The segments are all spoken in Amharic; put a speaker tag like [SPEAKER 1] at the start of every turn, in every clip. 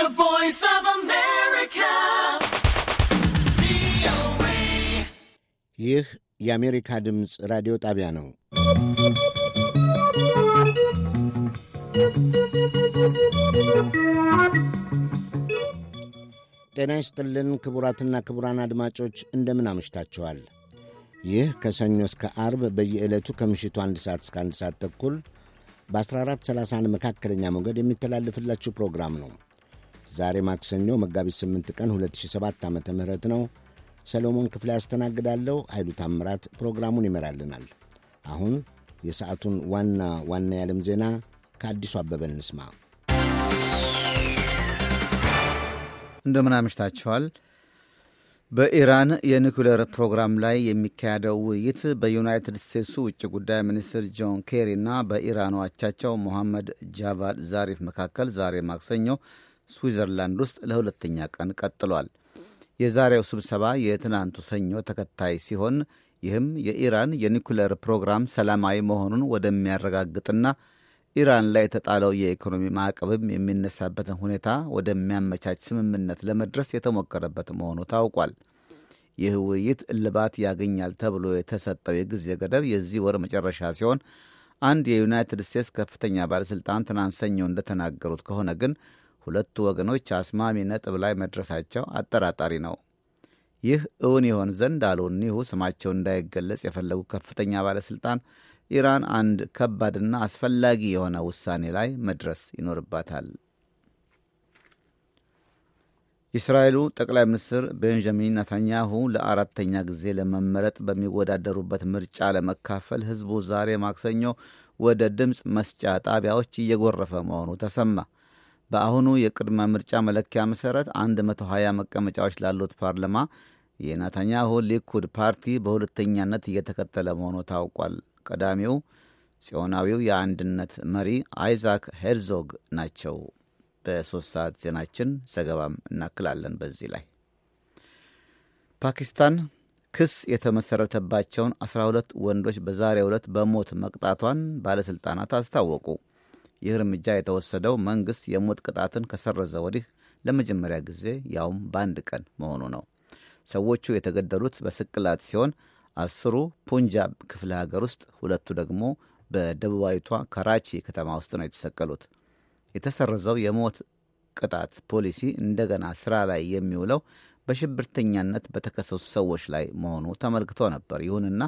[SPEAKER 1] The Voice of America.
[SPEAKER 2] ይህ የአሜሪካ ድምፅ ራዲዮ ጣቢያ ነው። ጤና ይስጥልን ክቡራትና ክቡራን አድማጮች እንደምን አመሽታችኋል። ይህ ከሰኞ እስከ አርብ በየዕለቱ ከምሽቱ አንድ ሰዓት እስከ አንድ ሰዓት ተኩል በ1430 መካከለኛ ሞገድ የሚተላልፍላችሁ ፕሮግራም ነው። ዛሬ ማክሰኞ መጋቢት 8 ቀን 2007 ዓ ም ነው። ሰሎሞን ክፍሌ ያስተናግዳለሁ። ኃይሉ ታምራት ፕሮግራሙን ይመራልናል። አሁን የሰዓቱን ዋና ዋና የዓለም ዜና ከአዲሱ አበበ እንስማ።
[SPEAKER 3] እንደምን አምሽታችኋል። በኢራን የኒኩሌር ፕሮግራም ላይ የሚካሄደው ውይይት በዩናይትድ ስቴትሱ ውጭ ጉዳይ ሚኒስትር ጆን ኬሪ እና በኢራኑ አቻቸው ሞሐመድ ጃቫድ ዛሪፍ መካከል ዛሬ ማክሰኞ ስዊዘርላንድ ውስጥ ለሁለተኛ ቀን ቀጥሏል። የዛሬው ስብሰባ የትናንቱ ሰኞ ተከታይ ሲሆን ይህም የኢራን የኒኩሌር ፕሮግራም ሰላማዊ መሆኑን ወደሚያረጋግጥና ኢራን ላይ የተጣለው የኢኮኖሚ ማዕቀብም የሚነሳበትን ሁኔታ ወደሚያመቻች ስምምነት ለመድረስ የተሞከረበት መሆኑ ታውቋል። ይህ ውይይት እልባት ያገኛል ተብሎ የተሰጠው የጊዜ ገደብ የዚህ ወር መጨረሻ ሲሆን አንድ የዩናይትድ ስቴትስ ከፍተኛ ባለሥልጣን ትናንት ሰኞ እንደተናገሩት ከሆነ ግን ሁለቱ ወገኖች አስማሚ ነጥብ ላይ መድረሳቸው አጠራጣሪ ነው። ይህ እውን ይሆን ዘንድ አሉ እኒሁ ስማቸው እንዳይገለጽ የፈለጉ ከፍተኛ ባለሥልጣን ኢራን አንድ ከባድና አስፈላጊ የሆነ ውሳኔ ላይ መድረስ ይኖርባታል። እስራኤሉ ጠቅላይ ሚኒስትር ቤንጃሚን ነታንያሁ ለአራተኛ ጊዜ ለመመረጥ በሚወዳደሩበት ምርጫ ለመካፈል ሕዝቡ ዛሬ ማክሰኞ ወደ ድምፅ መስጫ ጣቢያዎች እየጎረፈ መሆኑ ተሰማ። በአሁኑ የቅድመ ምርጫ መለኪያ መሠረት 120 መቀመጫዎች ላሉት ፓርላማ የናታኛሁ ሊኩድ ፓርቲ በሁለተኛነት እየተከተለ መሆኑ ታውቋል። ቀዳሚው ጽዮናዊው የአንድነት መሪ አይዛክ ሄርዞግ ናቸው። በሦስት ሰዓት ዜናችን ዘገባም እናክላለን። በዚህ ላይ ፓኪስታን ክስ የተመሠረተባቸውን 12 ወንዶች በዛሬው ዕለት በሞት መቅጣቷን ባለሥልጣናት አስታወቁ። ይህ እርምጃ የተወሰደው መንግስት የሞት ቅጣትን ከሰረዘ ወዲህ ለመጀመሪያ ጊዜ ያውም በአንድ ቀን መሆኑ ነው። ሰዎቹ የተገደሉት በስቅላት ሲሆን አስሩ ፑንጃብ ክፍለ ሀገር ውስጥ፣ ሁለቱ ደግሞ በደቡባዊቷ ከራቺ ከተማ ውስጥ ነው የተሰቀሉት። የተሰረዘው የሞት ቅጣት ፖሊሲ እንደገና ስራ ላይ የሚውለው በሽብርተኛነት በተከሰሱ ሰዎች ላይ መሆኑ ተመልክቶ ነበር። ይሁንና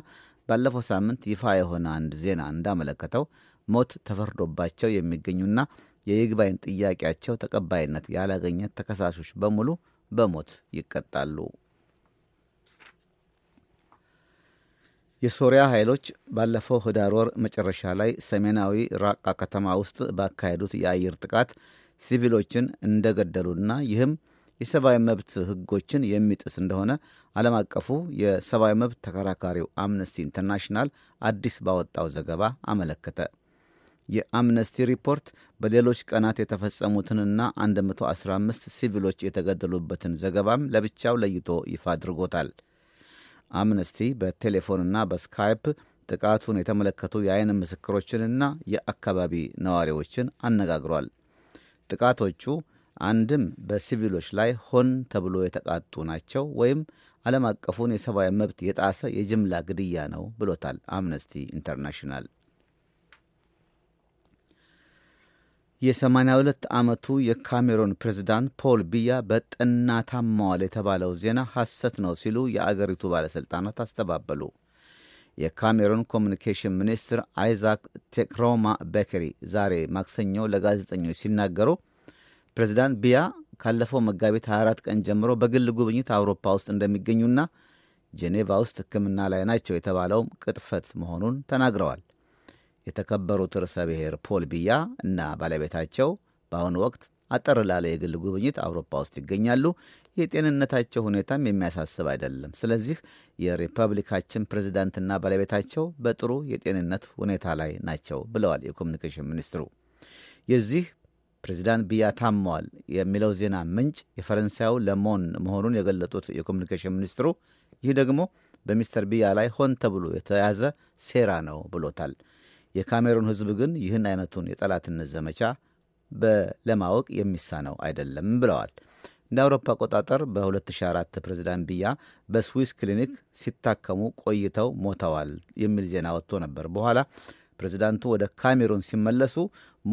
[SPEAKER 3] ባለፈው ሳምንት ይፋ የሆነ አንድ ዜና እንዳመለከተው ሞት ተፈርዶባቸው የሚገኙና የይግባኝ ጥያቄያቸው ተቀባይነት ያላገኘ ተከሳሾች በሙሉ በሞት ይቀጣሉ። የሶሪያ ኃይሎች ባለፈው ህዳር ወር መጨረሻ ላይ ሰሜናዊ ራቃ ከተማ ውስጥ ባካሄዱት የአየር ጥቃት ሲቪሎችን እንደገደሉና ይህም የሰብአዊ መብት ህጎችን የሚጥስ እንደሆነ ዓለም አቀፉ የሰብአዊ መብት ተከራካሪው አምነስቲ ኢንተርናሽናል አዲስ ባወጣው ዘገባ አመለከተ። የአምነስቲ ሪፖርት በሌሎች ቀናት የተፈጸሙትንና 115 ሲቪሎች የተገደሉበትን ዘገባም ለብቻው ለይቶ ይፋ አድርጎታል። አምነስቲ በቴሌፎንና በስካይፕ ጥቃቱን የተመለከቱ የአይን ምስክሮችንና የአካባቢ ነዋሪዎችን አነጋግሯል። ጥቃቶቹ አንድም በሲቪሎች ላይ ሆን ተብሎ የተቃጡ ናቸው ወይም ዓለም አቀፉን የሰብአዊ መብት የጣሰ የጅምላ ግድያ ነው ብሎታል አምነስቲ ኢንተርናሽናል። የ82 ዓመቱ የካሜሮን ፕሬዝዳንት ፖል ቢያ በጠና ታመዋል የተባለው ዜና ሐሰት ነው ሲሉ የአገሪቱ ባለሥልጣናት አስተባበሉ። የካሜሮን ኮሚኒኬሽን ሚኒስትር አይዛክ ቴክሮማ ቤከሪ ዛሬ ማክሰኞ ለጋዜጠኞች ሲናገሩ ፕሬዝዳንት ቢያ ካለፈው መጋቢት 24 ቀን ጀምሮ በግል ጉብኝት አውሮፓ ውስጥ እንደሚገኙና ጄኔቫ ውስጥ ሕክምና ላይ ናቸው የተባለውም ቅጥፈት መሆኑን ተናግረዋል። የተከበሩት ርዕሰ ብሔር ፖል ቢያ እና ባለቤታቸው በአሁኑ ወቅት አጠር ላለ የግል ጉብኝት አውሮፓ ውስጥ ይገኛሉ። የጤንነታቸው ሁኔታም የሚያሳስብ አይደለም። ስለዚህ የሪፐብሊካችን ፕሬዚዳንትና ባለቤታቸው በጥሩ የጤንነት ሁኔታ ላይ ናቸው ብለዋል የኮሚኒኬሽን ሚኒስትሩ። የዚህ ፕሬዚዳንት ቢያ ታመዋል የሚለው ዜና ምንጭ የፈረንሳዩ ለሞን መሆኑን የገለጡት የኮሚኒኬሽን ሚኒስትሩ ይህ ደግሞ በሚስተር ቢያ ላይ ሆን ተብሎ የተያዘ ሴራ ነው ብሎታል። የካሜሩን ህዝብ ግን ይህን አይነቱን የጠላትነት ዘመቻ ለማወቅ የሚሳነው አይደለም ብለዋል። እንደ አውሮፓ አቆጣጠር በ2004 ፕሬዚዳንት ቢያ በስዊስ ክሊኒክ ሲታከሙ ቆይተው ሞተዋል የሚል ዜና ወጥቶ ነበር። በኋላ ፕሬዚዳንቱ ወደ ካሜሩን ሲመለሱ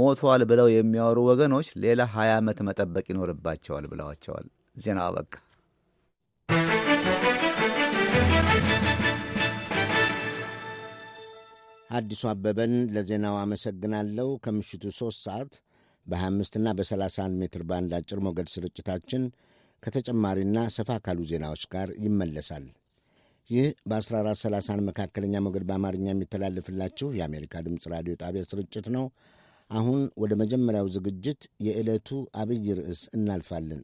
[SPEAKER 3] ሞተዋል ብለው የሚያወሩ ወገኖች ሌላ 20 ዓመት መጠበቅ ይኖርባቸዋል ብለዋቸዋል።
[SPEAKER 2] ዜናው አበቃ። አዲሱ አበበን ለዜናው አመሰግናለሁ። ከምሽቱ ሦስት ሰዓት በ25ና በ31 ሜትር ባንድ አጭር ሞገድ ስርጭታችን ከተጨማሪና ሰፋ ካሉ ዜናዎች ጋር ይመለሳል። ይህ በ1430 መካከለኛ ሞገድ በአማርኛ የሚተላለፍላችሁ የአሜሪካ ድምፅ ራዲዮ ጣቢያ ስርጭት ነው። አሁን ወደ መጀመሪያው ዝግጅት የዕለቱ አብይ ርዕስ እናልፋለን።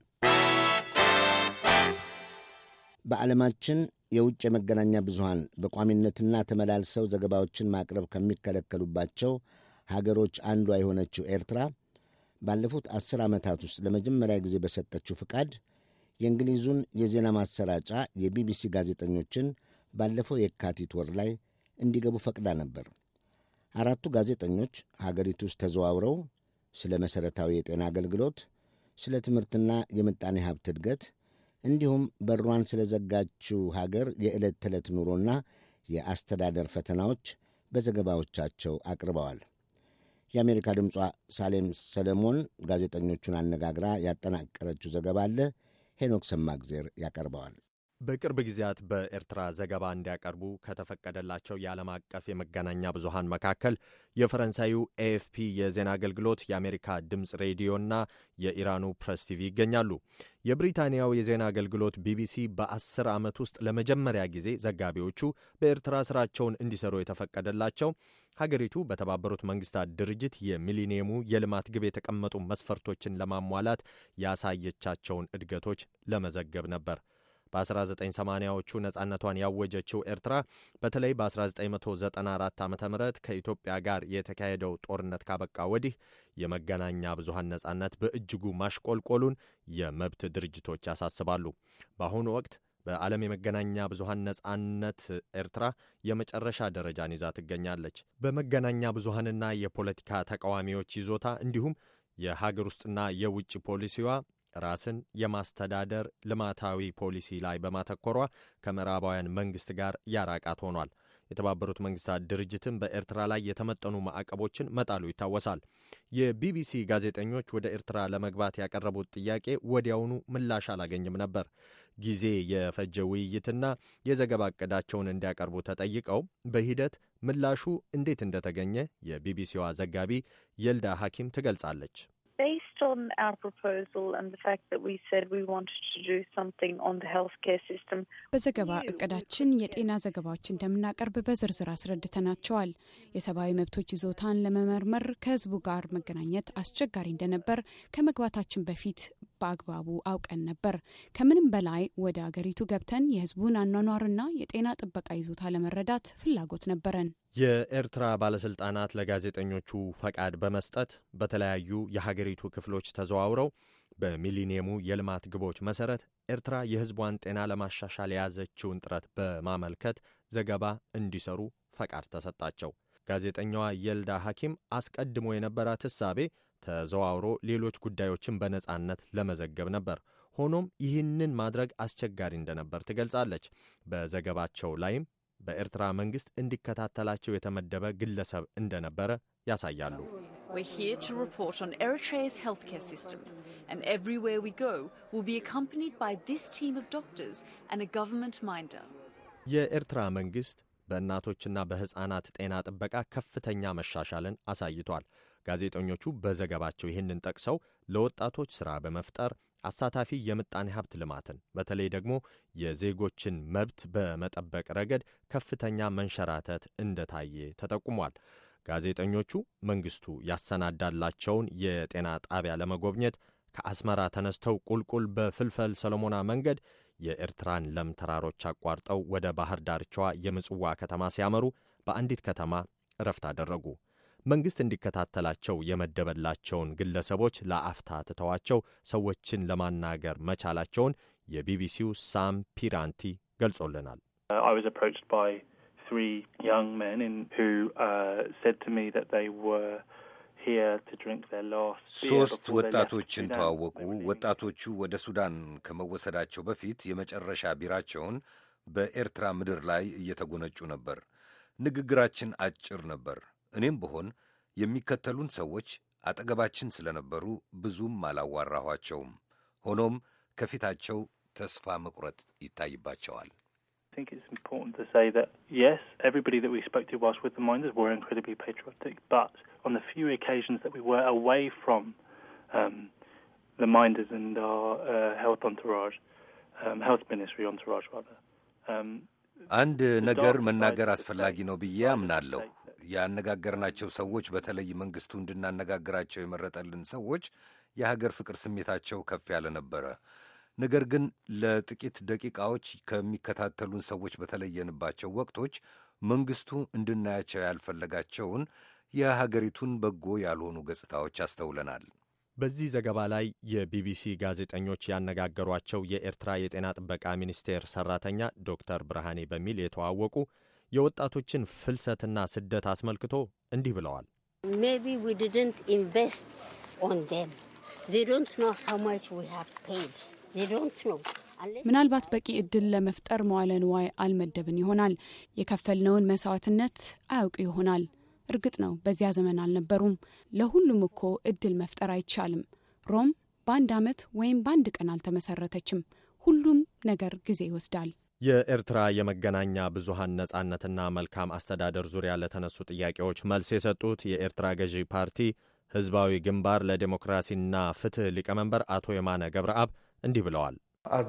[SPEAKER 2] በዓለማችን የውጭ የመገናኛ ብዙሃን በቋሚነትና ተመላልሰው ዘገባዎችን ማቅረብ ከሚከለከሉባቸው ሀገሮች አንዷ የሆነችው ኤርትራ ባለፉት አስር ዓመታት ውስጥ ለመጀመሪያ ጊዜ በሰጠችው ፍቃድ የእንግሊዙን የዜና ማሰራጫ የቢቢሲ ጋዜጠኞችን ባለፈው የካቲት ወር ላይ እንዲገቡ ፈቅዳ ነበር። አራቱ ጋዜጠኞች ሀገሪቱ ውስጥ ተዘዋውረው ስለ መሠረታዊ የጤና አገልግሎት፣ ስለ ትምህርትና የምጣኔ ሀብት እድገት እንዲሁም በሯን ስለዘጋችው ሀገር የዕለት ተዕለት ኑሮና የአስተዳደር ፈተናዎች በዘገባዎቻቸው አቅርበዋል። የአሜሪካ ድምጿ ሳሌም ሰለሞን ጋዜጠኞቹን አነጋግራ ያጠናቀረችው ዘገባ አለ። ሄኖክ ሰማግዜር ያቀርበዋል።
[SPEAKER 4] በቅርብ ጊዜያት በኤርትራ ዘገባ እንዲያቀርቡ ከተፈቀደላቸው የዓለም አቀፍ የመገናኛ ብዙሃን መካከል የፈረንሳዩ ኤኤፍፒ የዜና አገልግሎት፣ የአሜሪካ ድምፅ ሬዲዮና የኢራኑ ፕሬስ ቲቪ ይገኛሉ። የብሪታንያው የዜና አገልግሎት ቢቢሲ በአስር ዓመት ውስጥ ለመጀመሪያ ጊዜ ዘጋቢዎቹ በኤርትራ ስራቸውን እንዲሰሩ የተፈቀደላቸው ሀገሪቱ በተባበሩት መንግስታት ድርጅት የሚሊኒየሙ የልማት ግብ የተቀመጡ መስፈርቶችን ለማሟላት ያሳየቻቸውን እድገቶች ለመዘገብ ነበር። በ1980ዎቹ ነጻነቷን ያወጀችው ኤርትራ በተለይ በ1994 ዓ ም ከኢትዮጵያ ጋር የተካሄደው ጦርነት ካበቃ ወዲህ የመገናኛ ብዙሃን ነጻነት በእጅጉ ማሽቆልቆሉን የመብት ድርጅቶች ያሳስባሉ። በአሁኑ ወቅት በዓለም የመገናኛ ብዙሃን ነጻነት ኤርትራ የመጨረሻ ደረጃን ይዛ ትገኛለች። በመገናኛ ብዙሃንና የፖለቲካ ተቃዋሚዎች ይዞታ እንዲሁም የሀገር ውስጥና የውጭ ፖሊሲዋ ራስን የማስተዳደር ልማታዊ ፖሊሲ ላይ በማተኮሯ ከምዕራባውያን መንግስት ጋር ያራቃት ሆኗል። የተባበሩት መንግስታት ድርጅትም በኤርትራ ላይ የተመጠኑ ማዕቀቦችን መጣሉ ይታወሳል። የቢቢሲ ጋዜጠኞች ወደ ኤርትራ ለመግባት ያቀረቡት ጥያቄ ወዲያውኑ ምላሽ አላገኝም ነበር። ጊዜ የፈጀ ውይይትና የዘገባ እቅዳቸውን እንዲያቀርቡ ተጠይቀው በሂደት ምላሹ እንዴት እንደተገኘ የቢቢሲዋ ዘጋቢ የልዳ ሐኪም ትገልጻለች።
[SPEAKER 3] on our proposal and the fact that we said we wanted to do something on the healthcare system. በዘገባ እቅዳችን የጤና ዘገባዎች እንደምናቀርብ በዝርዝር አስረድተናቸዋል። የሰብአዊ መብቶች ይዞታን ለመመርመር ከህዝቡ ጋር መገናኘት አስቸጋሪ እንደነበር ከመግባታችን በፊት በአግባቡ አውቀን ነበር። ከምንም በላይ ወደ አገሪቱ ገብተን የህዝቡን አኗኗርና የጤና ጥበቃ ይዞታ ለመረዳት ፍላጎት ነበረን።
[SPEAKER 4] የኤርትራ ባለስልጣናት ለጋዜጠኞቹ ፈቃድ በመስጠት በተለያዩ የሀገሪቱ ክፍሎች ተዘዋውረው በሚሊኒየሙ የልማት ግቦች መሰረት ኤርትራ የህዝቧን ጤና ለማሻሻል የያዘችውን ጥረት በማመልከት ዘገባ እንዲሰሩ ፈቃድ ተሰጣቸው። ጋዜጠኛዋ የልዳ ሐኪም አስቀድሞ የነበራት እሳቤ ተዘዋውሮ ሌሎች ጉዳዮችን በነጻነት ለመዘገብ ነበር። ሆኖም ይህንን ማድረግ አስቸጋሪ እንደነበር ትገልጻለች። በዘገባቸው ላይም በኤርትራ መንግሥት እንዲከታተላቸው የተመደበ ግለሰብ እንደነበረ ያሳያሉ። የኤርትራ መንግሥት በእናቶችና በሕፃናት ጤና ጥበቃ ከፍተኛ መሻሻልን አሳይቷል። ጋዜጠኞቹ በዘገባቸው ይህንን ጠቅሰው ለወጣቶች ሥራ በመፍጠር አሳታፊ የምጣኔ ሀብት ልማትን በተለይ ደግሞ የዜጎችን መብት በመጠበቅ ረገድ ከፍተኛ መንሸራተት እንደታየ ተጠቁሟል። ጋዜጠኞቹ መንግስቱ ያሰናዳላቸውን የጤና ጣቢያ ለመጎብኘት ከአስመራ ተነስተው ቁልቁል በፍልፈል ሰለሞና መንገድ የኤርትራን ለም ተራሮች አቋርጠው ወደ ባህር ዳርቻዋ የምጽዋ ከተማ ሲያመሩ በአንዲት ከተማ እረፍት አደረጉ። መንግሥት እንዲከታተላቸው የመደበላቸውን ግለሰቦች ለአፍታ ትተዋቸው ሰዎችን ለማናገር መቻላቸውን የቢቢሲው ሳም ፒራንቲ ገልጾልናል። ሶስት uh, uh, ወጣቶችን ተዋወቁ።
[SPEAKER 5] ወጣቶቹ ወደ ሱዳን ከመወሰዳቸው በፊት የመጨረሻ ቢራቸውን በኤርትራ ምድር ላይ እየተጎነጩ ነበር። ንግግራችን አጭር ነበር። እኔም ብሆን የሚከተሉን ሰዎች አጠገባችን ስለነበሩ ብዙም አላዋራኋቸውም። ሆኖም ከፊታቸው ተስፋ መቁረጥ ይታይባቸዋል። አንድ ነገር መናገር አስፈላጊ ነው ብዬ አምናለሁ። ያነጋገርናቸው ሰዎች በተለይ መንግስቱ እንድናነጋግራቸው የመረጠልን ሰዎች የሀገር ፍቅር ስሜታቸው ከፍ ያለ ነበረ። ነገር ግን ለጥቂት ደቂቃዎች ከሚከታተሉን ሰዎች በተለየንባቸው ወቅቶች መንግስቱ እንድናያቸው ያልፈለጋቸውን የሀገሪቱን በጎ ያልሆኑ ገጽታዎች አስተውለናል።
[SPEAKER 4] በዚህ ዘገባ ላይ የቢቢሲ ጋዜጠኞች ያነጋገሯቸው የኤርትራ የጤና ጥበቃ ሚኒስቴር ሰራተኛ ዶክተር ብርሃኔ በሚል የተዋወቁ የወጣቶችን ፍልሰትና ስደት አስመልክቶ እንዲህ ብለዋል።
[SPEAKER 3] ምናልባት በቂ እድል ለመፍጠር መዋለ ንዋይ አልመደብን ይሆናል። የከፈልነውን መስዋዕትነት አያውቁ ይሆናል። እርግጥ ነው በዚያ ዘመን አልነበሩም። ለሁሉም እኮ እድል መፍጠር አይቻልም። ሮም በአንድ ዓመት ወይም በአንድ ቀን አልተመሰረተችም። ሁሉም ነገር ጊዜ ይወስዳል።
[SPEAKER 4] የኤርትራ የመገናኛ ብዙሃን ነጻነትና መልካም አስተዳደር ዙሪያ ለተነሱ ጥያቄዎች መልስ የሰጡት የኤርትራ ገዢ ፓርቲ ህዝባዊ ግንባር ለዴሞክራሲና ፍትህ ሊቀመንበር አቶ የማነ ገብረአብ እንዲህ ብለዋል።
[SPEAKER 1] uh,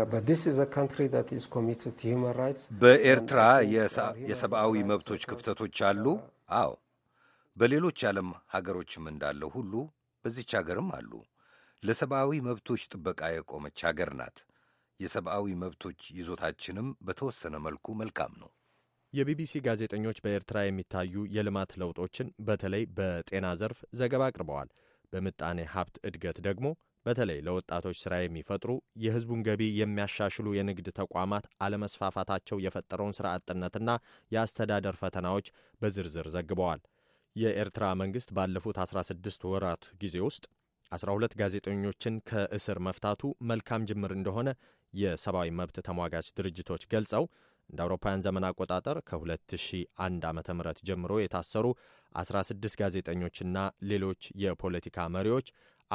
[SPEAKER 1] uh,
[SPEAKER 5] በኤርትራ የሰብአዊ መብቶች ክፍተቶች አሉ። አዎ በሌሎች ዓለም ሀገሮችም እንዳለው ሁሉ በዚች ሀገርም አሉ። ለሰብአዊ መብቶች ጥበቃ የቆመች ሀገር ናት። የሰብአዊ መብቶች ይዞታችንም
[SPEAKER 4] በተወሰነ መልኩ መልካም ነው። የቢቢሲ ጋዜጠኞች በኤርትራ የሚታዩ የልማት ለውጦችን በተለይ በጤና ዘርፍ ዘገባ አቅርበዋል። በምጣኔ ሀብት እድገት ደግሞ በተለይ ለወጣቶች ሥራ የሚፈጥሩ የሕዝቡን ገቢ የሚያሻሽሉ የንግድ ተቋማት አለመስፋፋታቸው የፈጠረውን ሥራ አጥነትና የአስተዳደር ፈተናዎች በዝርዝር ዘግበዋል። የኤርትራ መንግስት ባለፉት 16 ወራት ጊዜ ውስጥ 12 ጋዜጠኞችን ከእስር መፍታቱ መልካም ጅምር እንደሆነ የሰብአዊ መብት ተሟጋች ድርጅቶች ገልጸው እንደ አውሮፓውያን ዘመን አቆጣጠር ከ2001 ዓ ም ጀምሮ የታሰሩ 16 ጋዜጠኞችና ሌሎች የፖለቲካ መሪዎች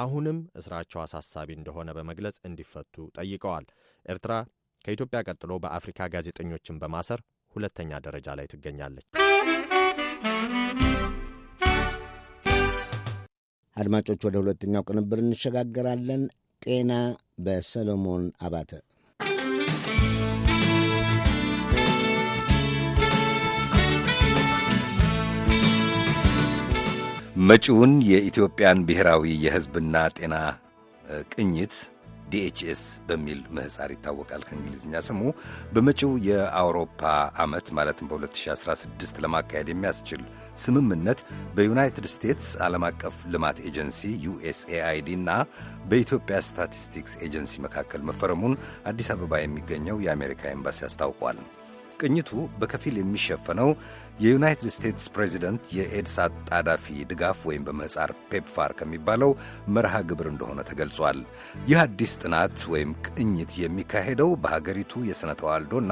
[SPEAKER 4] አሁንም እስራቸው አሳሳቢ እንደሆነ በመግለጽ እንዲፈቱ ጠይቀዋል። ኤርትራ ከኢትዮጵያ ቀጥሎ በአፍሪካ ጋዜጠኞችን በማሰር ሁለተኛ ደረጃ ላይ ትገኛለች።
[SPEAKER 2] አድማጮች፣ ወደ ሁለተኛው ቅንብር እንሸጋገራለን። ጤና በሰሎሞን አባተ
[SPEAKER 5] መጪውን የኢትዮጵያን ብሔራዊ የሕዝብና ጤና ቅኝት ዲኤችኤስ በሚል ምህፃር ይታወቃል ከእንግሊዝኛ ስሙ። በመጪው የአውሮፓ ዓመት ማለትም በ2016 ለማካሄድ የሚያስችል ስምምነት በዩናይትድ ስቴትስ ዓለም አቀፍ ልማት ኤጀንሲ ዩኤስኤአይዲ እና በኢትዮጵያ ስታቲስቲክስ ኤጀንሲ መካከል መፈረሙን አዲስ አበባ የሚገኘው የአሜሪካ ኤምባሲ አስታውቋል። ቅኝቱ በከፊል የሚሸፈነው የዩናይትድ ስቴትስ ፕሬዚደንት የኤድስ አጣዳፊ ድጋፍ ወይም በምህፃር ፔፕፋር ከሚባለው መርሃ ግብር እንደሆነ ተገልጿል። ይህ አዲስ ጥናት ወይም ቅኝት የሚካሄደው በሀገሪቱ የሥነ ተዋልዶና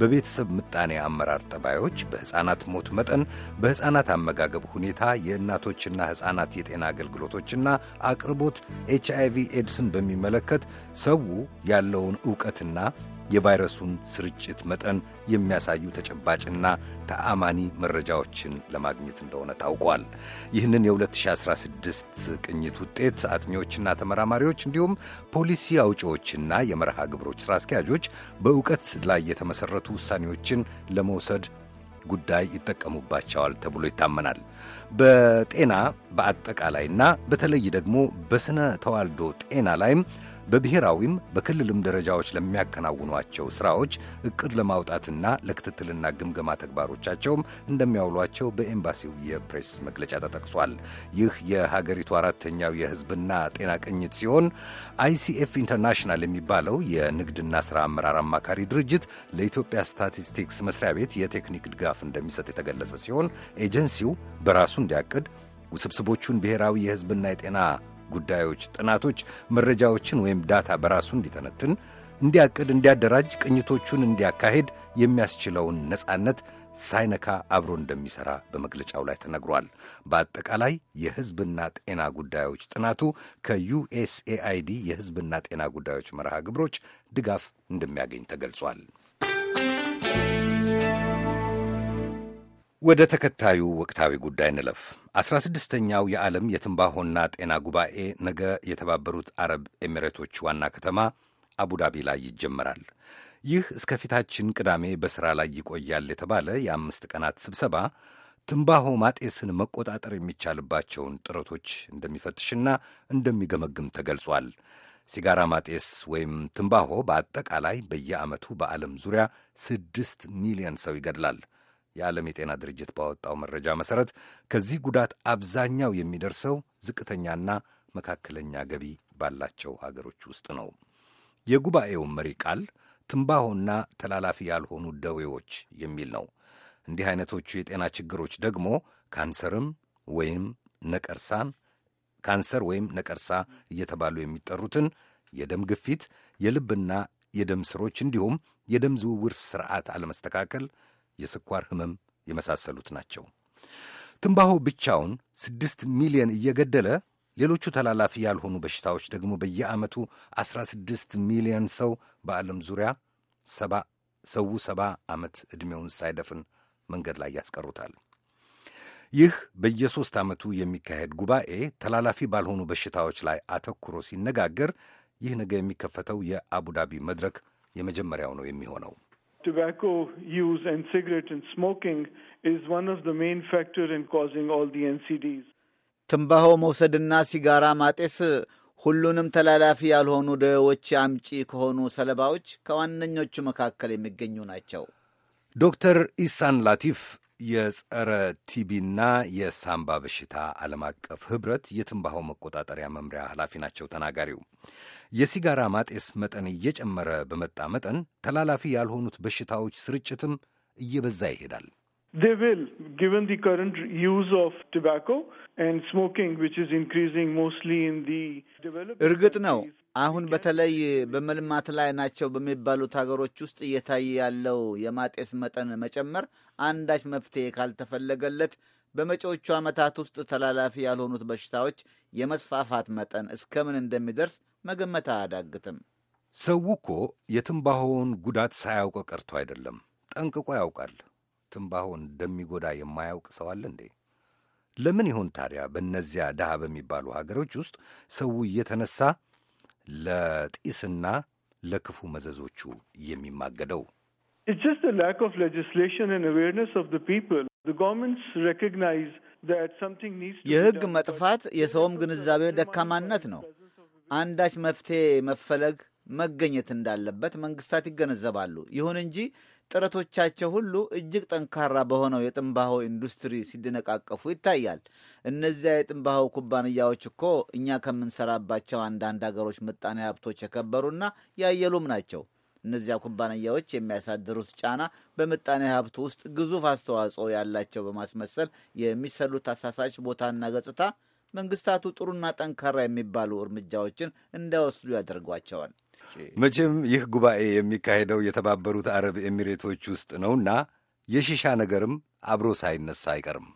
[SPEAKER 5] በቤተሰብ ምጣኔ አመራር ጠባዮች፣ በሕፃናት ሞት መጠን፣ በሕፃናት አመጋገብ ሁኔታ፣ የእናቶችና ሕፃናት የጤና አገልግሎቶችና አቅርቦት፣ ኤች አይ ቪ ኤድስን በሚመለከት ሰው ያለውን ዕውቀትና የቫይረሱን ስርጭት መጠን የሚያሳዩ ተጨባጭና ተአማኒ መረጃዎችን ለማግኘት እንደሆነ ታውቋል። ይህንን የ2016 ቅኝት ውጤት አጥኚዎችና ተመራማሪዎች እንዲሁም ፖሊሲ አውጪዎችና የመርሃ ግብሮች ሥራ አስኪያጆች በእውቀት ላይ የተመሠረቱ ውሳኔዎችን ለመውሰድ ጉዳይ ይጠቀሙባቸዋል ተብሎ ይታመናል። በጤና በአጠቃላይና በተለይ ደግሞ በሥነ ተዋልዶ ጤና ላይም በብሔራዊም በክልልም ደረጃዎች ለሚያከናውኗቸው ሥራዎች እቅድ ለማውጣትና ለክትትልና ግምገማ ተግባሮቻቸውም እንደሚያውሏቸው በኤምባሲው የፕሬስ መግለጫ ተጠቅሷል። ይህ የሀገሪቱ አራተኛው የሕዝብና ጤና ቅኝት ሲሆን አይሲኤፍ ኢንተርናሽናል የሚባለው የንግድና ሥራ አመራር አማካሪ ድርጅት ለኢትዮጵያ ስታቲስቲክስ መስሪያ ቤት የቴክኒክ ድጋፍ እንደሚሰጥ የተገለጸ ሲሆን ኤጀንሲው በራሱ እንዲያቅድ ውስብስቦቹን ብሔራዊ የሕዝብና የጤና ጉዳዮች ጥናቶች፣ መረጃዎችን ወይም ዳታ በራሱ እንዲተነትን፣ እንዲያቅድ፣ እንዲያደራጅ፣ ቅኝቶቹን እንዲያካሄድ የሚያስችለውን ነጻነት ሳይነካ አብሮ እንደሚሠራ በመግለጫው ላይ ተነግሯል። በአጠቃላይ የሕዝብና ጤና ጉዳዮች ጥናቱ ከዩኤስኤአይዲ የሕዝብና ጤና ጉዳዮች መርሃ ግብሮች ድጋፍ እንደሚያገኝ ተገልጿል። ወደ ተከታዩ ወቅታዊ ጉዳይ እንለፍ። አስራ ስድስተኛው የዓለም የትንባሆና ጤና ጉባኤ ነገ የተባበሩት አረብ ኤሚሬቶች ዋና ከተማ አቡዳቢ ላይ ይጀመራል። ይህ እስከፊታችን ቅዳሜ በሥራ ላይ ይቆያል የተባለ የአምስት ቀናት ስብሰባ ትንባሆ ማጤስን መቆጣጠር የሚቻልባቸውን ጥረቶች እንደሚፈትሽና እንደሚገመግም ተገልጿል። ሲጋራ ማጤስ ወይም ትንባሆ በአጠቃላይ በየዓመቱ በዓለም ዙሪያ ስድስት ሚሊዮን ሰው ይገድላል። የዓለም የጤና ድርጅት ባወጣው መረጃ መሰረት ከዚህ ጉዳት አብዛኛው የሚደርሰው ዝቅተኛና መካከለኛ ገቢ ባላቸው ሀገሮች ውስጥ ነው። የጉባኤው መሪ ቃል ትንባሆና ተላላፊ ያልሆኑ ደዌዎች የሚል ነው። እንዲህ አይነቶቹ የጤና ችግሮች ደግሞ ካንሰርም ወይም ነቀርሳን ካንሰር ወይም ነቀርሳ እየተባሉ የሚጠሩትን የደም ግፊት፣ የልብና የደም ስሮች እንዲሁም የደም ዝውውር ስርዓት አለመስተካከል የስኳር ህመም የመሳሰሉት ናቸው። ትንባሆ ብቻውን ስድስት ሚሊዮን እየገደለ ሌሎቹ ተላላፊ ያልሆኑ በሽታዎች ደግሞ በየዓመቱ 16 ሚሊዮን ሰው በዓለም ዙሪያ ሰው ሰባ ዓመት ዕድሜውን ሳይደፍን መንገድ ላይ ያስቀሩታል። ይህ በየሦስት ዓመቱ የሚካሄድ ጉባኤ ተላላፊ ባልሆኑ በሽታዎች ላይ አተኩሮ ሲነጋገር ይህ ነገ የሚከፈተው የአቡዳቢ መድረክ የመጀመሪያው ነው የሚሆነው።
[SPEAKER 1] tobacco use and cigarette and smoking is one of the main factor in causing all the
[SPEAKER 3] NCDs. ትንባሆ መውሰድና ሲጋራ ማጤስ ሁሉንም ተላላፊ ያልሆኑ ደዌዎች አምጪ ከሆኑ ሰለባዎች ከዋነኞቹ መካከል የሚገኙ ናቸው።
[SPEAKER 5] ዶክተር ኢሳን ላቲፍ የጸረ ቲቢና የሳምባ በሽታ ዓለም አቀፍ ኅብረት የትንባሆ መቆጣጠሪያ መምሪያ ኃላፊ ናቸው። ተናጋሪው የሲጋራ ማጤስ መጠን እየጨመረ በመጣ መጠን ተላላፊ ያልሆኑት በሽታዎች ስርጭትም እየበዛ ይሄዳል።
[SPEAKER 1] እርግጥ
[SPEAKER 3] ነው አሁን በተለይ በመልማት ላይ ናቸው በሚባሉት ሀገሮች ውስጥ እየታየ ያለው የማጤስ መጠን መጨመር አንዳች መፍትሄ ካልተፈለገለት በመጪዎቹ ዓመታት ውስጥ ተላላፊ ያልሆኑት በሽታዎች የመስፋፋት መጠን እስከምን እንደሚደርስ መገመት
[SPEAKER 5] አያዳግትም። ሰው እኮ የትንባሆውን ጉዳት ሳያውቅ ቀርቶ አይደለም፣ ጠንቅቆ ያውቃል። ትንባሆ እንደሚጎዳ የማያውቅ ሰው አለ እንዴ? ለምን ይሆን ታዲያ በእነዚያ ድሃ በሚባሉ ሀገሮች ውስጥ ሰው እየተነሳ ለጢስና ለክፉ መዘዞቹ የሚማገደው።
[SPEAKER 3] የሕግ መጥፋት የሰውም ግንዛቤ ደካማነት ነው። አንዳች መፍትሄ መፈለግ መገኘት እንዳለበት መንግስታት ይገነዘባሉ። ይሁን እንጂ ጥረቶቻቸው ሁሉ እጅግ ጠንካራ በሆነው የትንባሆ ኢንዱስትሪ ሲደነቃቀፉ ይታያል። እነዚያ የትንባሆ ኩባንያዎች እኮ እኛ ከምንሰራባቸው አንዳንድ ሀገሮች ምጣኔ ሀብቶች የከበሩና ያየሉም ናቸው። እነዚያ ኩባንያዎች የሚያሳድሩት ጫና በምጣኔ ሀብቱ ውስጥ ግዙፍ አስተዋጽኦ ያላቸው በማስመሰል የሚሰሉት አሳሳች ቦታና ገጽታ መንግስታቱ ጥሩና ጠንካራ የሚባሉ እርምጃዎችን እንዳይወስዱ ያደርጓቸዋል።
[SPEAKER 5] መቼም ይህ ጉባኤ የሚካሄደው የተባበሩት አረብ ኤሚሬቶች ውስጥ ነውና የሺሻ ነገርም አብሮ ሳይነሳ አይቀርም።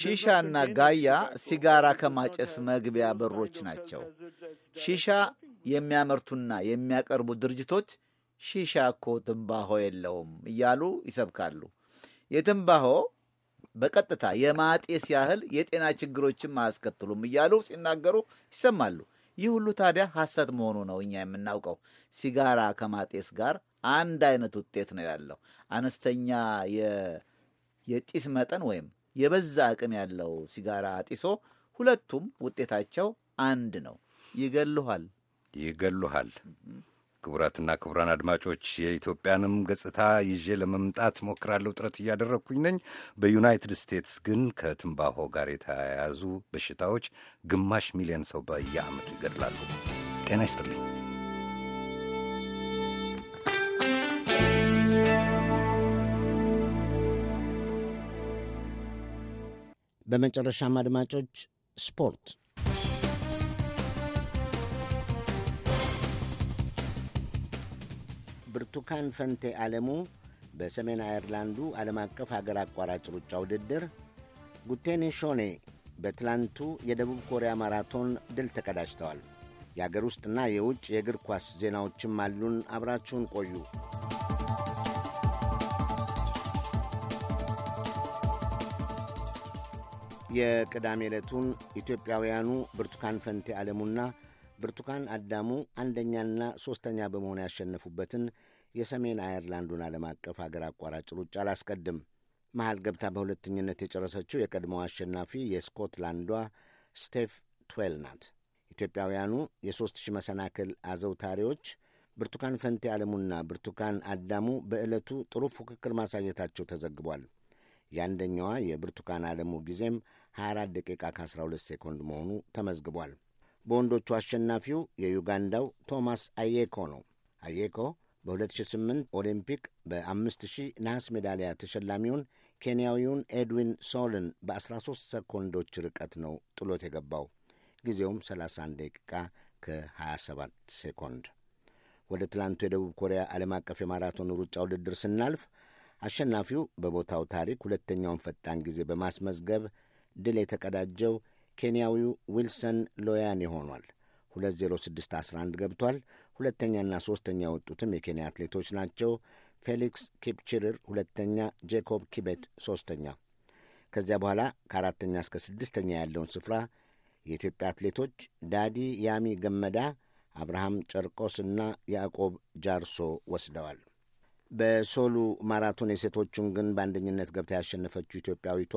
[SPEAKER 3] ሺሻና ጋያ ሲጋራ ከማጨስ መግቢያ በሮች ናቸው። ሺሻ የሚያመርቱና የሚያቀርቡ ድርጅቶች ሺሻ እኮ ትንባሆ የለውም እያሉ ይሰብካሉ። የትንባሆ በቀጥታ የማጤስ ያህል የጤና ችግሮችም አያስከትሉም እያሉ ሲናገሩ ይሰማሉ። ይህ ሁሉ ታዲያ ሐሰት መሆኑ ነው እኛ የምናውቀው። ሲጋራ ከማጤስ ጋር አንድ አይነት ውጤት ነው ያለው። አነስተኛ የጢስ መጠን ወይም የበዛ አቅም ያለው ሲጋራ ጢሶ ሁለቱም ውጤታቸው
[SPEAKER 5] አንድ ነው። ይገሉሃል ይገሉሃል። ክቡራትና ክቡራን አድማጮች የኢትዮጵያንም ገጽታ ይዤ ለመምጣት ሞክራለሁ፣ ጥረት እያደረግኩኝ ነኝ። በዩናይትድ ስቴትስ ግን ከትንባሆ ጋር የተያያዙ በሽታዎች ግማሽ ሚሊዮን ሰው በየዓመቱ ይገድላሉ። ጤና ይስጥልኝ።
[SPEAKER 2] በመጨረሻም አድማጮች ስፖርት ብርቱካን ፈንቴ ዓለሙ በሰሜን አየርላንዱ ዓለም አቀፍ አገር አቋራጭ ሩጫ ውድድር፣ ጉቴኔ ሾኔ በትላንቱ የደቡብ ኮሪያ ማራቶን ድል ተቀዳጅተዋል። የአገር ውስጥና የውጭ የእግር ኳስ ዜናዎችም አሉን። አብራችሁን ቆዩ። የቅዳሜ ዕለቱን ኢትዮጵያውያኑ ብርቱካን ፈንቴ ዓለሙና ብርቱካን አዳሙ አንደኛና ሦስተኛ በመሆን ያሸነፉበትን የሰሜን አየርላንዱን ዓለም አቀፍ አገር አቋራጭ ሩጫ አላስቀድም። መሃል ገብታ በሁለተኝነት የጨረሰችው የቀድሞው አሸናፊ የስኮትላንዷ ስቴፍ ትዌል ናት። ኢትዮጵያውያኑ የ3000 መሰናክል አዘውታሪዎች ብርቱካን ፈንቴ ዓለሙና ብርቱካን አዳሙ በዕለቱ ጥሩ ፉክክር ማሳየታቸው ተዘግቧል። የአንደኛዋ የብርቱካን ዓለሙ ጊዜም 24 ደቂቃ ከ12 ሴኮንድ መሆኑ ተመዝግቧል። በወንዶቹ አሸናፊው የዩጋንዳው ቶማስ አየኮ ነው። አየኮ በ2008 ኦሊምፒክ በ5000 ነሐስ ሜዳሊያ ተሸላሚውን ኬንያዊውን ኤድዊን ሶልን በ13 ሰኮንዶች ርቀት ነው ጥሎት የገባው። ጊዜውም 31 ደቂቃ ከ27 ሴኮንድ። ወደ ትላንቱ የደቡብ ኮሪያ ዓለም አቀፍ የማራቶን ሩጫ ውድድር ስናልፍ አሸናፊው በቦታው ታሪክ ሁለተኛውን ፈጣን ጊዜ በማስመዝገብ ድል የተቀዳጀው ኬንያዊው ዊልሰን ሎያን ሆኗል። 20611 ገብቷል። ሁለተኛና ሦስተኛ የወጡትም የኬንያ አትሌቶች ናቸው። ፌሊክስ ኪፕችርር ሁለተኛ፣ ጄኮብ ኪቤት ሦስተኛ። ከዚያ በኋላ ከአራተኛ እስከ ስድስተኛ ያለውን ስፍራ የኢትዮጵያ አትሌቶች ዳዲ ያሚ ገመዳ፣ አብርሃም ጨርቆስና ያዕቆብ ጃርሶ ወስደዋል። በሶሉ ማራቶን የሴቶቹን ግን በአንደኝነት ገብታ ያሸነፈችው ኢትዮጵያዊቷ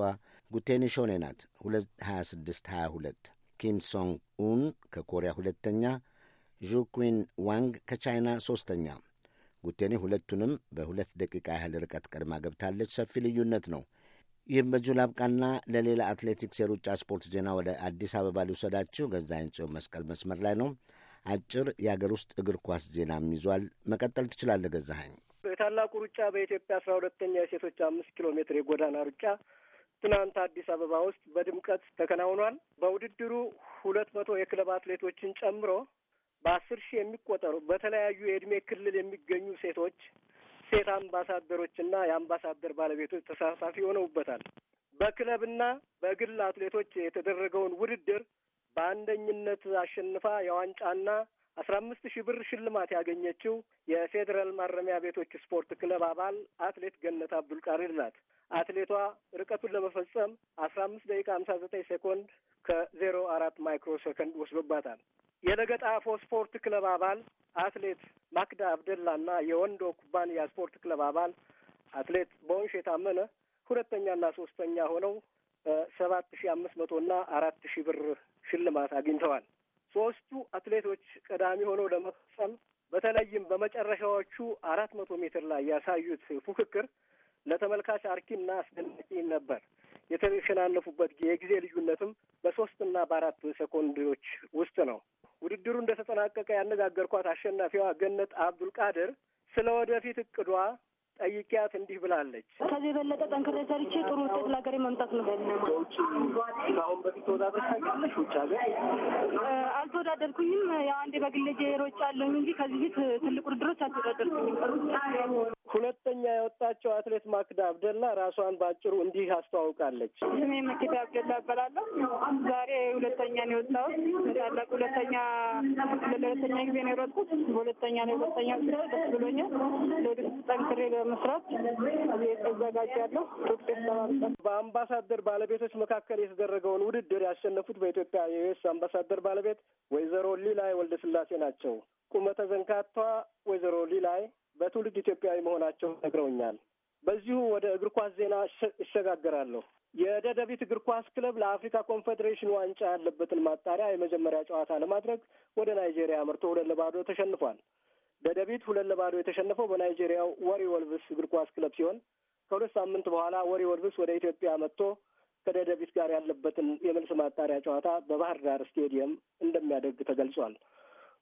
[SPEAKER 2] ጉቴኒ ሾኔ ናት። 22622 ኪም ሶንግ ኡን ከኮሪያ ሁለተኛ ዡኩዊን ዋንግ ከቻይና ሦስተኛ። ጉቴኔ ሁለቱንም በሁለት ደቂቃ ያህል ርቀት ቀድማ ገብታለች። ሰፊ ልዩነት ነው። ይህም በዚሁ ላብቃና ለሌላ አትሌቲክስ የሩጫ ስፖርት ዜና ወደ አዲስ አበባ ሊውሰዳችሁ። ገዛኝ ጽዮን መስቀል መስመር ላይ ነው። አጭር የአገር ውስጥ እግር ኳስ ዜናም ይዟል። መቀጠል ትችላለህ ገዛኸኝ።
[SPEAKER 1] የታላቁ ሩጫ በኢትዮጵያ አስራ ሁለተኛ የሴቶች አምስት ኪሎ ሜትር የጎዳና ሩጫ ትናንት አዲስ አበባ ውስጥ በድምቀት ተከናውኗል። በውድድሩ ሁለት መቶ የክለብ አትሌቶችን ጨምሮ በአስር ሺህ የሚቆጠሩ በተለያዩ የእድሜ ክልል የሚገኙ ሴቶች፣ ሴት አምባሳደሮችና የአምባሳደር ባለቤቶች ተሳታፊ ሆነውበታል። በክለብና በግል አትሌቶች የተደረገውን ውድድር በአንደኝነት አሸንፋ የዋንጫና አስራ አምስት ሺህ ብር ሽልማት ያገኘችው የፌዴራል ማረሚያ ቤቶች ስፖርት ክለብ አባል አትሌት ገነት አብዱልቃሪር ናት። አትሌቷ ርቀቱን ለመፈጸም አስራ አምስት ደቂቃ ሀምሳ ዘጠኝ ሴኮንድ ከዜሮ አራት ማይክሮ ሴኮንድ ወስዶባታል። የለገጣፎ ስፖርት ክለብ አባል አትሌት ማክዳ አብደላና የወንዶ ኩባንያ ስፖርት ክለብ አባል አትሌት በወንሽ የታመነ ሁለተኛና ሶስተኛ ሆነው ሰባት ሺ አምስት ና አራት ሺ ብር ሽልማት አግኝተዋል። ሶስቱ አትሌቶች ቀዳሚ ሆነው ለመፈጸም በተለይም በመጨረሻዎቹ አራት መቶ ሜትር ላይ ያሳዩት ፉክክር ለተመልካች አርኪና አስደናቂ ነበር። የተሸናነፉበት የጊዜ ልዩነትም በሶስትና በአራት ሴኮንዶች ውስጥ ነው። ውድድሩ እንደተጠናቀቀ ያነጋገርኳት አሸናፊዋ ገነት አብዱልቃድር ስለ ወደፊት እቅዷ ጠይቂያት እንዲህ ብላለች።
[SPEAKER 5] ከዚህ የበለጠ ጠንክሬ ሰርቼ ጥሩ ውጤት ለሀገሬ መምጣት
[SPEAKER 1] ነው። ከውጭ ከአሁን በፊት ተወዳደር ታውቂያለሽ? ውጭ ሀገር አልተወዳደርኩኝም። ያው አንዴ በግሌ ሮጬ እንጂ ከዚህ ፊት ትልቅ ውድድሮች አልተወዳደርኩኝም። ሁለተኛ የወጣቸው አትሌት ማክዳ አብደላ ራሷን በአጭሩ እንዲህ አስተዋውቃለች። ስሜ መክዳ አብደላ እባላለሁ። ዛሬ ሁለተኛ ነው የወጣሁት። ታላቅ ሁለተኛ ለሁለተኛ ጊዜ ነው የሮጥኩት። በሁለተኛ ነው የሁለተኛ ስራ ደስ ብሎኛል። ለወደፊት ጠንክሬ ለመስራት እዘጋጃለሁ። በአምባሳደር ባለቤቶች መካከል የተደረገውን ውድድር ያሸነፉት በኢትዮጵያ የዩኤስ አምባሳደር ባለቤት ወይዘሮ ሊላይ ወልደስላሴ ናቸው። ቁመተ ዘንካቷ ወይዘሮ ሊላይ በትውልድ ኢትዮጵያዊ መሆናቸው ነግረውኛል። በዚሁ ወደ እግር ኳስ ዜና ይሸጋገራለሁ። የደደቢት እግር ኳስ ክለብ ለአፍሪካ ኮንፌዴሬሽን ዋንጫ ያለበትን ማጣሪያ የመጀመሪያ ጨዋታ ለማድረግ ወደ ናይጄሪያ አምርቶ ሁለት ለባዶ ተሸንፏል። ደደቢት ሁለት ለባዶ የተሸነፈው በናይጄሪያው ወሪ ወልቭስ እግር ኳስ ክለብ ሲሆን ከሁለት ሳምንት በኋላ ወሪ ወልቭስ ወደ ኢትዮጵያ መጥቶ ከደደቢት ጋር ያለበትን የመልስ ማጣሪያ ጨዋታ በባህር ዳር ስቴዲየም እንደሚያደርግ ተገልጿል።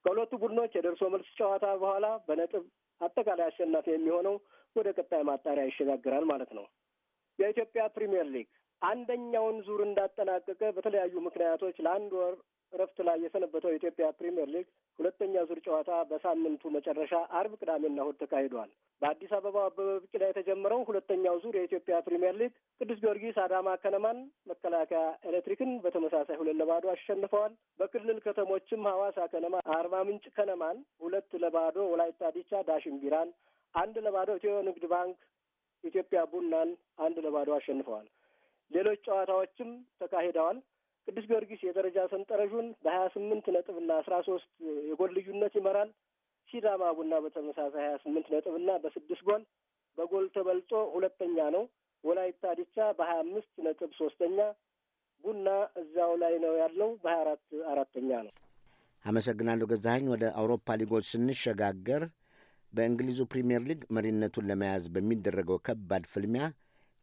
[SPEAKER 1] ከሁለቱ ቡድኖች የደርሶ መልስ ጨዋታ በኋላ በነጥብ አጠቃላይ አሸናፊ የሚሆነው ወደ ቀጣይ ማጣሪያ ይሸጋግራል ማለት ነው። የኢትዮጵያ ፕሪምየር ሊግ አንደኛውን ዙር እንዳጠናቀቀ በተለያዩ ምክንያቶች ለአንድ ወር እረፍት ላይ የሰነበተው የኢትዮጵያ ፕሪምየር ሊግ ሁለተኛ ዙር ጨዋታ በሳምንቱ መጨረሻ አርብ፣ ቅዳሜና እሁድ ተካሂዷል። በአዲስ አበባው አበበ ቢቂላ የተጀመረው ሁለተኛው ዙር የኢትዮጵያ ፕሪምየር ሊግ ቅዱስ ጊዮርጊስ አዳማ ከነማን፣ መከላከያ ኤሌክትሪክን በተመሳሳይ ሁለት ለባዶ አሸንፈዋል። በክልል ከተሞችም ሐዋሳ ከነማ አርባ ምንጭ ከነማን ሁለት ለባዶ፣ ወላይታ ዲቻ ዳሽን ቢራን አንድ ለባዶ፣ ኢትዮ ንግድ ባንክ ኢትዮጵያ ቡናን አንድ ለባዶ አሸንፈዋል። ሌሎች ጨዋታዎችም ተካሂደዋል። ቅዱስ ጊዮርጊስ የደረጃ ሰንጠረዡን በሀያ ስምንት ነጥብና አስራ ሶስት የጎል ልዩነት ይመራል። ሲዳማ ቡና በተመሳሳይ ሀያ ስምንት ነጥብና በስድስት ጎል በጎል ተበልጦ ሁለተኛ ነው። ወላይታ ዲቻ በሀያ አምስት ነጥብ ሶስተኛ፣ ቡና እዛው ላይ ነው ያለው በሀያ አራት አራተኛ
[SPEAKER 3] ነው።
[SPEAKER 2] አመሰግናለሁ ገዛኸኝ። ወደ አውሮፓ ሊጎች ስንሸጋገር በእንግሊዙ ፕሪምየር ሊግ መሪነቱን ለመያዝ በሚደረገው ከባድ ፍልሚያ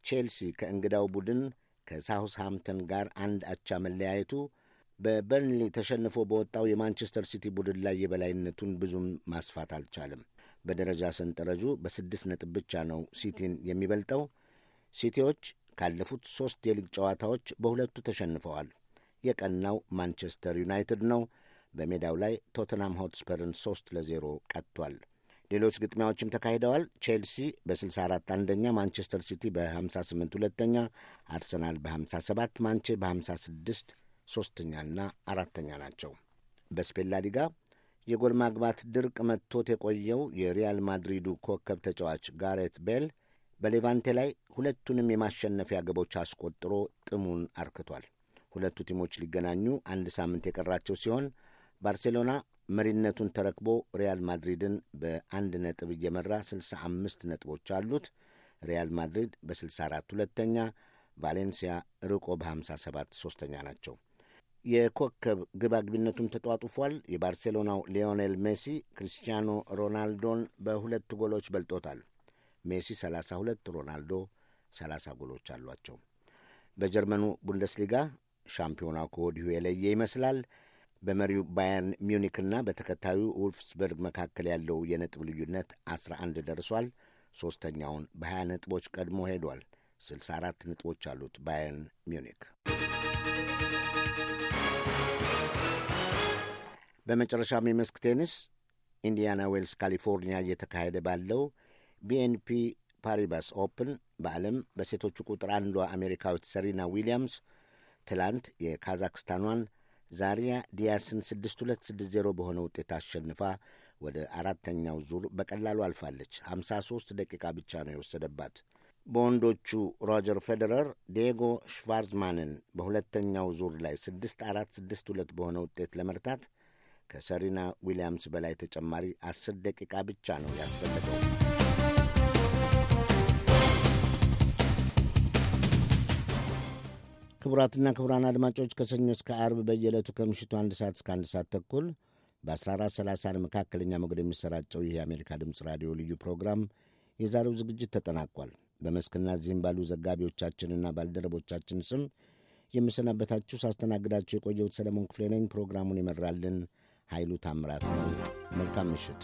[SPEAKER 2] ቼልሲ ከእንግዳው ቡድን ከሳውስሃምፕተን ጋር አንድ አቻ መለያየቱ በበርንሊ ተሸንፎ በወጣው የማንቸስተር ሲቲ ቡድን ላይ የበላይነቱን ብዙም ማስፋት አልቻለም። በደረጃ ሰንጠረዡ በስድስት ነጥብ ብቻ ነው ሲቲን የሚበልጠው። ሲቲዎች ካለፉት ሦስት የሊግ ጨዋታዎች በሁለቱ ተሸንፈዋል። የቀናው ማንቸስተር ዩናይትድ ነው። በሜዳው ላይ ቶተናም ሆትስፐርን ሦስት ለዜሮ ቀጥቷል። ሌሎች ግጥሚያዎችም ተካሂደዋል። ቼልሲ በ64 አንደኛ፣ ማንቸስተር ሲቲ በ58 ሁለተኛ፣ አርሰናል በ57 ማንቼ በ56 ሶስተኛና አራተኛ ናቸው። በስፔን ላሊጋ የጎል ማግባት ድርቅ መጥቶት የቆየው የሪያል ማድሪዱ ኮከብ ተጫዋች ጋሬት ቤል በሌቫንቴ ላይ ሁለቱንም የማሸነፊያ ግቦች አስቆጥሮ ጥሙን አርክቷል። ሁለቱ ቲሞች ሊገናኙ አንድ ሳምንት የቀራቸው ሲሆን ባርሴሎና መሪነቱን ተረክቦ ሪያል ማድሪድን በአንድ ነጥብ እየመራ 65 ነጥቦች አሉት። ሪያል ማድሪድ በ64 ሁለተኛ፣ ቫሌንሲያ ርቆ በ57 ሦስተኛ ናቸው። የኮከብ ግባግቢነቱም ተጧጡፏል። የባርሴሎናው ሊዮኔል ሜሲ ክሪስቲያኖ ሮናልዶን በሁለት ጎሎች በልጦታል። ሜሲ 32፣ ሮናልዶ 30 ጎሎች አሏቸው። በጀርመኑ ቡንደስሊጋ ሻምፒዮናው ከወዲሁ የለየ ይመስላል። በመሪው ባየርን ሚዩኒክና በተከታዩ ውልፍስበርግ መካከል ያለው የነጥብ ልዩነት 11 ደርሷል። ሦስተኛውን በ20 ነጥቦች ቀድሞ ሄዷል። 64 ነጥቦች አሉት ባየርን ሚውኒክ በመጨረሻም የመስክ ቴኒስ ኢንዲያና ዌልስ፣ ካሊፎርኒያ እየተካሄደ ባለው ቢኤንፒ ፓሪባስ ኦፕን በዓለም በሴቶቹ ቁጥር አንዷ አሜሪካዊት ሰሪና ዊሊያምስ ትላንት የካዛክስታኗን ዛሪያ ዲያስን 6260 በሆነ ውጤት አሸንፋ ወደ አራተኛው ዙር በቀላሉ አልፋለች። 53 ደቂቃ ብቻ ነው የወሰደባት። በወንዶቹ ሮጀር ፌዴረር ዲየጎ ሽቫርዝማንን በሁለተኛው ዙር ላይ 6462 በሆነ ውጤት ለመርታት ከሰሪና ዊሊያምስ በላይ ተጨማሪ 10 ደቂቃ ብቻ ነው ያስፈለገው። ክቡራትና ክቡራን አድማጮች ከሰኞ እስከ አርብ በየዕለቱ ከምሽቱ አንድ ሰዓት እስከ አንድ ሰዓት ተኩል በ1430 መካከለኛ ሞገድ የሚሰራጨው ይህ የአሜሪካ ድምፅ ራዲዮ ልዩ ፕሮግራም የዛሬው ዝግጅት ተጠናቋል። በመስክና እዚህም ባሉ ዘጋቢዎቻችንና ባልደረቦቻችን ስም የምሰናበታችሁ ሳስተናግዳችሁ የቆየሁት ሰለሞን ክፍሌ ነኝ። ፕሮግራሙን ይመራልን ኃይሉ ታምራት ነው። መልካም ምሽት።